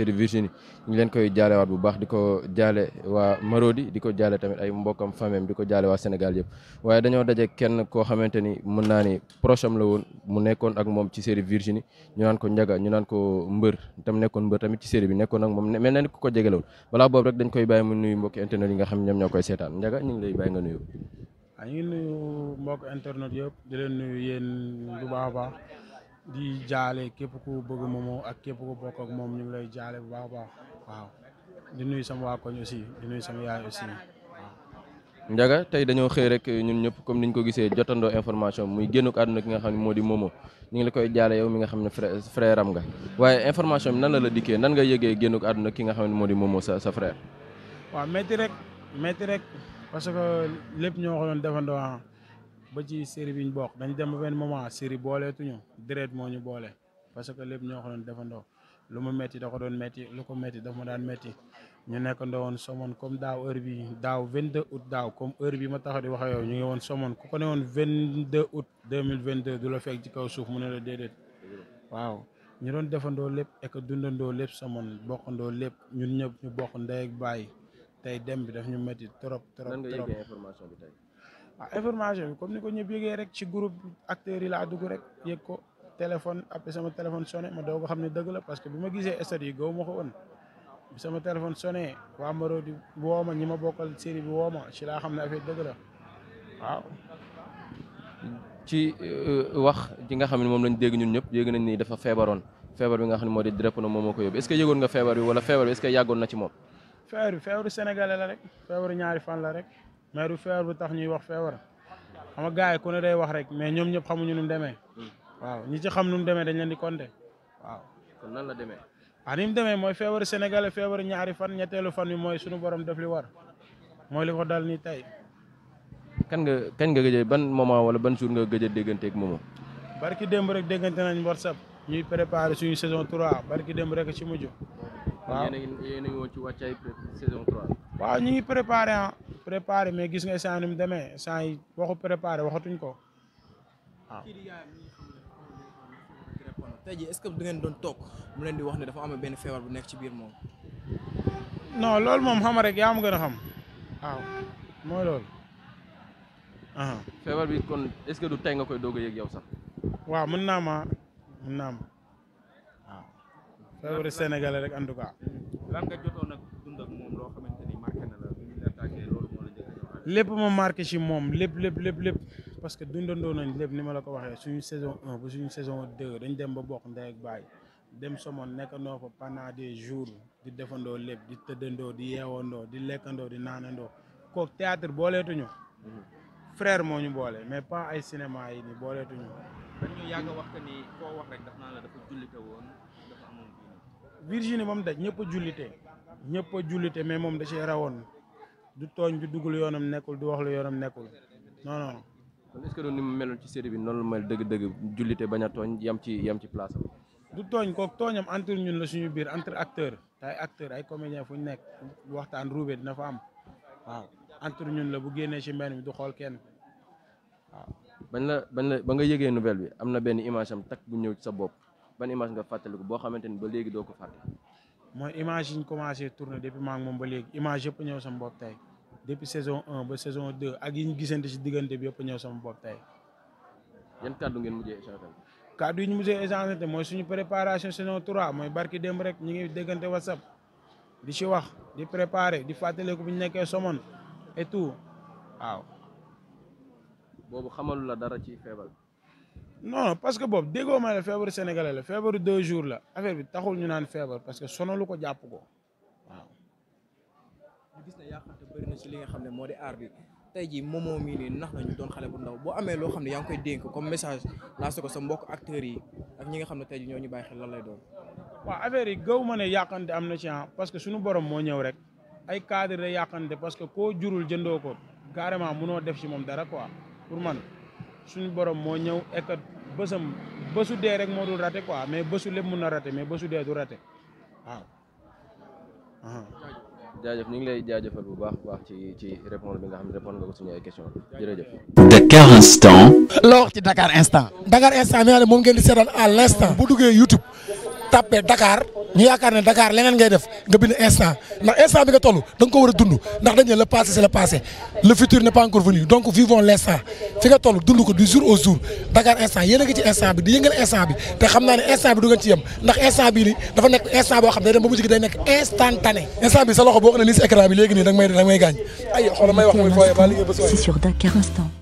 sœur Virginie ñu leen koy wat bu baax di ko jaale wa Marodi di ko jaale tamit ay mbokam famem di ko jaale wa Sénégal yëpp waye dañoo daje kenn ko xamanteni mën na ni proche la woon mu nekkon ak mom ci série Virginie ñu nan ko ñaga ñu nan ko mbeur tam nekkon mbeur tamit ci série bi nekkon ak mom mel na ko jegelawul balaa boobu rek dañ koy bàyyi mu nuyu mbokki internet yi nga xam ñoom ñokoy koy ñaga ñu ngi lay bàyyi nga nuyu. ñu nuyu mbokk internet yëpp di leen nuyu yeen bu baax baax di jale képp ku bëgg momo ak képp ku bokk ak mom ñu ngi lay jale bu baax baax waaw di nuyu sama waa koñ aussi di nuyu sama yaay aussi ndaga tay dañu xey rek ñun ñëpp comme niñ ko gisee jotando information muy gënuk aduna àdduna ki nga xamni modi momo ñi ngi la koy jaale yow mi nga xamni frère frère am nga waye information nan la diké nan nga yëgé gënuk aduna ki nga xamni modi momo sa sa frère wa metti rek metti rek parce que lepp ñoo ko doon defandoo ah. ba ci série bi ñu bokk dañ dem benn moment seri booleetuñu deret moo ñu boole parce que lépp ñoo ko doon defandoo lu ma métti da ko doon métti lu ko métti daf ma daan métti ñu nekk ndawoon somoon comme daaw heure bi daaw 22 août daaw comme heure bi ma taxaw di wax yow ñu ngi woon somoon ku ko ne woon 22 août 2022 du la fekk ci kaw suuf mu ne la déedéet waaw ñu doon defandoo lépp ek dundandoo lépp somoon bokkandoo lépp ñun ñëpp ñu bokk ndey ak tey dem bi daf ñu métti trop trop trop. nan nga yëgee information bi tey. waaw ah, information bi comme ni ko ñëpp yëgee rek ci groupe acteurs yi laa dugg rek yëg ko téléphone après sama téléphone sonné ma doog a xam ne dëgg la parce que bi ma gisee stade yi gaw ma ko woon bi sama téléphone sonné waa Marodi woo ma ñi ma bokkal série bi woo ma ci laa xam ne affaire dëgg la waaw. ci euh, wax ji nga xam ne moom lañ dégg ñun ñëpp yëg nañ ni dafa feebaroon feebar bi nga xam ne moo di drépano moom moo ko yóbbu est-ce que yëgoon nga feebar bi wala rek feebaru ñaari fan la rek. mais du feebar bu tax ñuy wax feebar xam nga ku ne day wax rek mais ñoom ñëpp xamuñu nu mu demee. Hmm. waaw ñi ci xam nu mu demee dañ leen di compter waaw. kon nan la demee. ah ni mu demee mooy feebar sénégalais feebar ñaari fan ñetteelu fan bi mooy suñu borom def li war mooy li ko dal ni tey. kan nga kañ nga gëj ban moment wala ban jour nga gëj a dégganteeg moomu. barki démb rek déggante nañ WhatsApp ñuy préparer suñu saison 3 barki démb rek ci mujj. waaw yéen a ngi woon ci wàccaay saison 3. waaw ñu ngi préparé ah. préparé mais gis nga saa ni mu demee saa yi waxu préparé waxatuñ ko waaw. Ah. tey jii est-ce que du ngeen doon toog leen di wax ne dafa am benn feebar bu nekk ci biir moom. loolu moom xam rek gën a xam waaw mooy loolu. feebar bi ce que du tey nga koy doog a yëg yow sax. waaw mën naa ma mën naa ma rek en tout lepp ma marqué ci mom parce que dundando nañ lepp nima la ko suñu saison 1 ou suñu saison 2 dañ dem ba bok nday ak bay dem Somone nek pendant des jours di defando lepp di di yewando di lekando di nanando un théâtre frère moñu bolé mais pas ay cinéma yi ni dañu yag wax que ni ko wax rek dafa la dafa won dafa Virginie bam daj ñepp a ñepp mais mom da du tooñ du dugg lu yoonam nekkul du wax lu yoonam nekkul non non. kon que doon ni mu meloon ci série bi noonu la mel dëgg-dëgg jullite bañ a tooñ yam ci yam ci place am. du tooñ kook tooñam entre ñun la suñu biir entre acteur te ay acteur ay comédien fu ñu nekk waxtaan ruubee dina fa am waaw entre ñun la bu génnee ci mbéy mi du xool kenn waaw. bañ la bañ la ba nga yëgee nouvelle bi am na benn image am takk bu ñëw ci sa bopp ban image nga fàttaliku boo xamante ni ba léegi doo ko fàtte. mooy imagine comment depuis mon ba suis image depuis saison un ba ben saison 2, ak qui nous disent de bi depuis pour sama sommes ngeen Je échangé. yi ñu suis suis suñu préparation saison 3, je barki rek ñu ngi whatsapp di ci wax préparer di Je suis et tout waaw. la non parce que boobu déggoo ma la feebaru sénégalais la feebaru jour la affaire bi taxul ñu naan feebar parce que sonalu ko jàpp ko waaw. ñu gis ne yàqante bëri na ci li nga xam ne moo di aar bi tey jii moomoo mii nii nax nañu doon xale bu ndaw boo amee loo xam ne yaa ngi koy dénk comme message lancé ko sa mbokk acteurs yi ak nga xam ne tey jii ñoo ñu bàyyi xel lay doon. waaw affaire yi gaw ma ne yàqante am na ci ah, parce que suñu borom moo ñëw rek ay cadre de parce que koo jurul jëndoo ko carrément munoo def ci moom dara quoi pour man. suñu borom moo ñëw ekat bësam bësu dee rek moo dul raté quoi mais bësu lépp mun na raté mais bësu dee du raté waaw. jaajëf ñu ngi lay jaajëfal bu baax baax ci ci répondre bi nga xam ne répondre nga ko suñu ay question jërëjëf. Dakar instant. loo wax ci dakaar instant. Dakar instant nee naa ne moom ngeen di seetaan à l'instant. bu duggee YouTube tapé Dakar. ñu yaakaar ne Dakar leneen ngay def nga bind instant ndax instant bi nga toll da nga ko war a dund ndax dañ ne le passé c'est le passé le futur n'est pas encore venu donc vivons l'instant fi nga toll dund ko du jour au jour Dakar instant yéen a ngi ci instant bi di yëngal instant bi te xam naa ne instant bi du ngeen ci yem ndax instant bii ni dafa nekk instant boo xam ne day dem ba mujj gi day nekk instantané instant bi sa loxo boo xam ne nii si écran bi léegi nii danga may danga may gaañ ay xoolal may wax muy fooyee ba liggéey ba si sur Dakar instant